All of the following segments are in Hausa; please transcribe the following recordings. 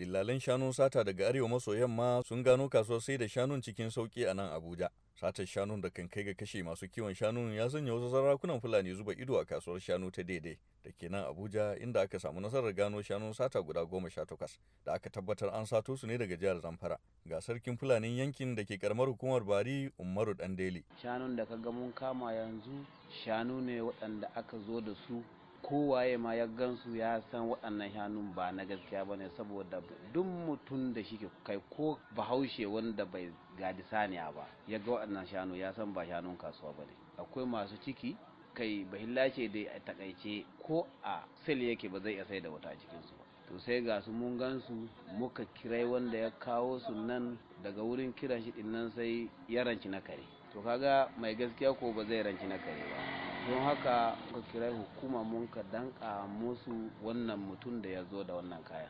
dillalan shanun sata daga arewa maso yamma sun gano kasuwar sai da shanun cikin sauki a nan abuja satar shanun da kan kai ga kashe masu kiwon shanu ya sanya wasu sarakunan fulani zuba ido a kasuwar shanu ta daidai da ke nan abuja inda aka samu nasarar gano shanun sata guda goma sha takwas da aka tabbatar an sato su ne daga jihar zamfara ga sarkin fulanin yankin da ke karamar hukumar bari umaru dandeli shanun da ka ga mun kama yanzu shanu ne waɗanda aka zo da su kowaye ma ya gansu ya san waɗannan shanun ba na gaskiya ba ne saboda duk mutum da shi kai ko bahaushe wanda bai gadi saniya ba ya ga waɗannan shanu ya san ba shanun kasuwa ba ne akwai masu ciki kai bahilla ce dai a takaice ko a sel yake ba zai iya sai da wata cikin ba to sai ga su mun gansu muka kirai wanda ya kawo su nan daga wurin kiran shi dinnan sai ya ranci na kare to kaga mai gaskiya ko ba zai ranci na kare ba don haka ka kira hukuma mun ka danka musu wannan mutum da ya zo da wannan kaya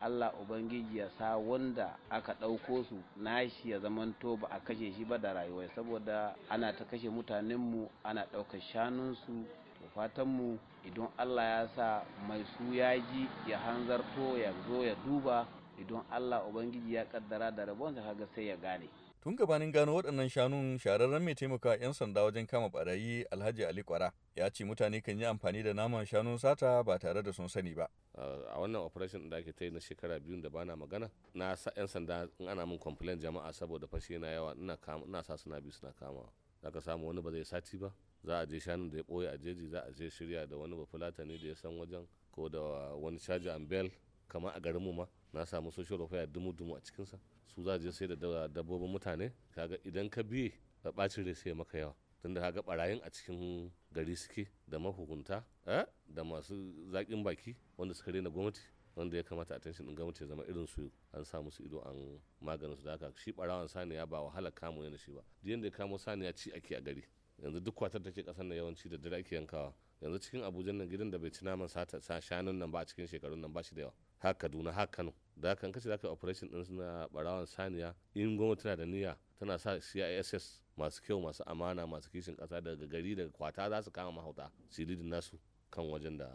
Allah Ubangiji ya sa wanda aka ɗauko su nashi ya zamanto ba a kashe shi ba da rayuwa saboda ana ta kashe mutanenmu ana ɗaukar shanunsu to fatanmu idan Allah ya sa mai su ya ji ya hanzarto ya zo ya duba idan Allah Ubangiji ya kaddara da rabonsa kaga sai ya gane Tun gabanin gano waɗannan shanun shararren mai taimakawa 'yan sanda wajen kama barayi Alhaji Ali Kwara ya ce mutane kan yi amfani da naman shanun sata ba tare da sun sani ba. A wannan operation da ake ta yi na shekara biyu da bana magana na sa 'yan sanda in ana min complain jama'a saboda fashi na yawa ina ina sa suna biyu suna kama. Za ka samu wani ba zai sati ba za a je shanun da ya ɓoye a jeji za a je shirya da wani bafulatani da ya san wajen ko da wani caji ambel kamar a garin mu ma na samu social welfare dumu-dumu a cikinsa su za je sai da dabbobin mutane kaga idan ka biye da bacin rai sai maka yawa tunda kaga barayin a cikin gari suke da mahukunta eh, da masu zaƙin baki wanda suka rena gwamnati wanda ya kamata attention din gwamnati ya zama irin su an sa musu ido an maganin su da haka shi barawan saniya ba wahala kamo ne shi ba duk yanda ya kamo saniya ci ake a gari yanzu duk kwatar take kasar na yawanci da dare ake yankawa yanzu cikin abuja nan gidan da bai ci naman sa shanun nan ba cikin shekarun nan ba shi da yawa haka kaduna haka kano da kan kace da operation din na barawan saniya in gwamnati tana da niyya tana sa CISS masu kyau masu amana masu kishin kasa daga gari daga kwata za su kama mahauta siridin nasu kan wajen da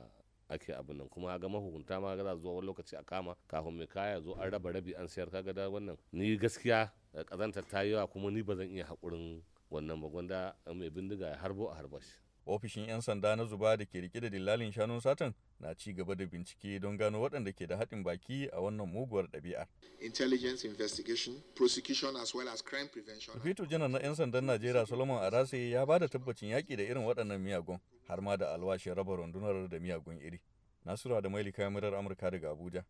ake abin nan kuma ga mahukunta ma ga zuwa wani lokaci a kama kafin mai kaya zo an raba rabi an sayar kaga da wannan ni gaskiya kazantar eh, ta yawa kuma ni ba zan iya hakurin wannan ba gwanda eh, mai bindiga ya harbo a harbashi Ofishin 'yan sanda na Zuba da ke rike da dillalin shanun satan na ci gaba da bincike don gano waɗanda ke da haɗin baki a wannan muguwar ɗabi'ar. Intelligence investigation, prosecution as well as janar na 'yan sandan Najeriya Solomon Arase ya ba da tabbacin yaƙi da irin waɗannan miyagun har ma da alwashin raba rundunar da miyagun iri. Nasura da Maili kayan Amurka daga Abuja,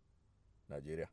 Najeriya.